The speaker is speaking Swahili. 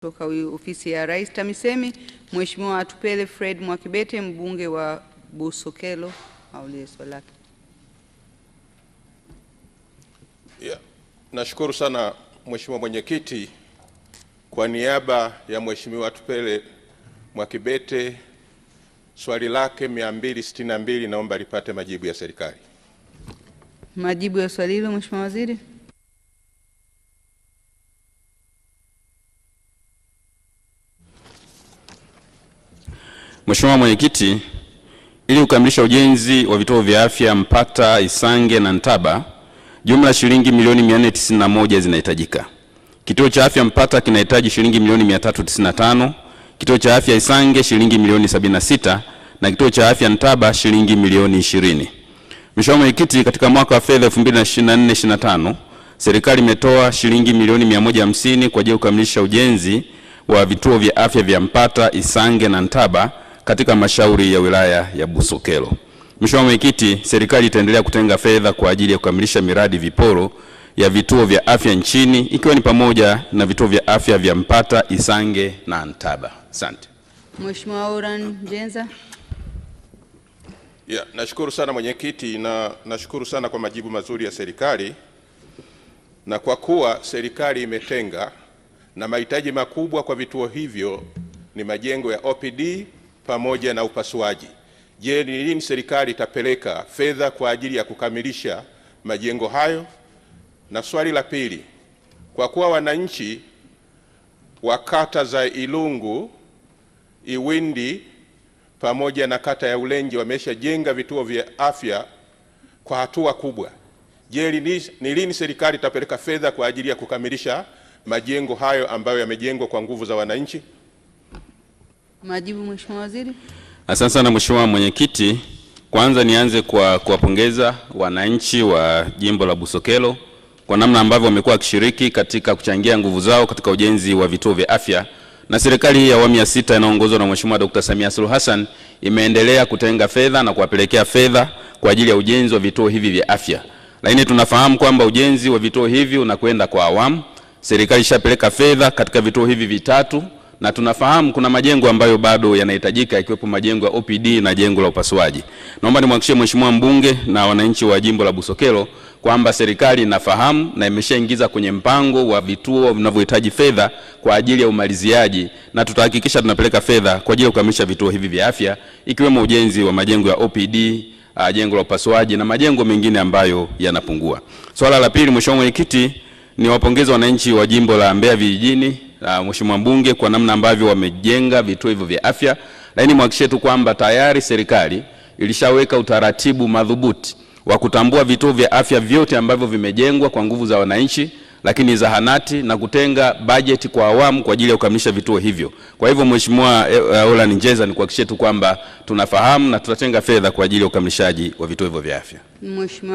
kutoka ofisi ya Rais TAMISEMI, Mheshimiwa Atupele Fred Mwakibete, mbunge wa Busokelo, aulize swali lake. Yeah. Nashukuru sana Mheshimiwa Mwenyekiti, kwa niaba ya Mheshimiwa Atupele Mwakibete, swali lake 262 naomba lipate majibu ya serikali. Majibu ya swali hilo, Mheshimiwa Waziri. Mheshimiwa Mwenyekiti, ili kukamilisha ujenzi wa vituo vya afya Mpata, Isange na Ntaba, jumla shilingi milioni 491 zinahitajika. Kituo cha afya Mpata kinahitaji shilingi milioni 395, kituo cha afya Isange shilingi milioni 76 na kituo cha afya Ntaba shilingi milioni 20. Mheshimiwa Mwenyekiti, katika mwaka wa fedha 2024/25 serikali imetoa shilingi milioni 150 kwa ajili ya kukamilisha ujenzi wa vituo vya afya vya Mpata, Isange na Ntaba katika mashauri ya wilaya ya Busokelo. Mheshimiwa Mwenyekiti, serikali itaendelea kutenga fedha kwa ajili ya kukamilisha miradi viporo ya vituo vya afya nchini ikiwa ni pamoja na vituo vya afya vya Mpata, Isange na Antaba. Asante. Mheshimiwa Oran Jenza. Yeah, nashukuru sana mwenyekiti na nashukuru sana kwa majibu mazuri ya serikali, na kwa kuwa serikali imetenga na mahitaji makubwa kwa vituo hivyo ni majengo ya OPD pamoja na upasuaji. Je, ni lini serikali itapeleka fedha kwa ajili ya kukamilisha majengo hayo? Na swali la pili, kwa kuwa wananchi wa kata za Ilungu, Iwindi pamoja na kata ya Ulenje wameshajenga vituo vya afya kwa hatua kubwa, je, ni lini serikali itapeleka fedha kwa ajili ya kukamilisha majengo hayo ambayo yamejengwa kwa nguvu za wananchi? Majibu, Mheshimiwa Waziri. Asante sana Mheshimiwa Mwenyekiti, kwanza nianze kwa kuwapongeza wananchi wa jimbo la Busokelo kwa namna ambavyo wamekuwa wakishiriki katika kuchangia nguvu zao katika ujenzi wa vituo vya afya na serikali hii ya awamu ya sita inaongozwa na Mheshimiwa Dr. Samia Suluhu Hassan imeendelea kutenga fedha na kuwapelekea fedha kwa ajili ya ujenzi wa vituo hivi vya afya, lakini tunafahamu kwamba ujenzi wa vituo hivi unakwenda kwa awamu. Serikali ishapeleka fedha katika vituo hivi vitatu na tunafahamu kuna majengo ambayo bado yanahitajika ikiwepo majengo ya OPD na jengo la upasuaji. Naomba nimhakikishie Mheshimiwa mbunge na wananchi wa jimbo la Busokelo kwamba serikali inafahamu na imeshaingiza kwenye mpango wa vituo vinavyohitaji fedha kwa ajili ya umaliziaji, na tutahakikisha tunapeleka fedha kwa ajili ya kukamilisha vituo hivi vya afya ikiwemo ujenzi wa majengo ya OPD uh, ah, jengo la upasuaji na majengo mengine ambayo yanapungua. Swala la pili, Mheshimiwa Mwenyekiti, ni wapongeze wananchi wa jimbo la Mbeya vijijini uh, Mheshimiwa Mbunge kwa namna ambavyo wamejenga vituo hivyo vya afya, lakini mhakikishie tu kwamba tayari serikali ilishaweka utaratibu madhubuti wa kutambua vituo vya afya vyote ambavyo vimejengwa kwa nguvu za wananchi lakini zahanati na kutenga bajeti kwa awamu kwa ajili ya kukamilisha vituo hivyo. Kwa hivyo Mheshimiwa eh, olan Njeza, kuhakikishie tu kwamba tunafahamu na tutatenga fedha kwa ajili ya ukamilishaji wa vituo hivyo vya afya. Mheshimiwa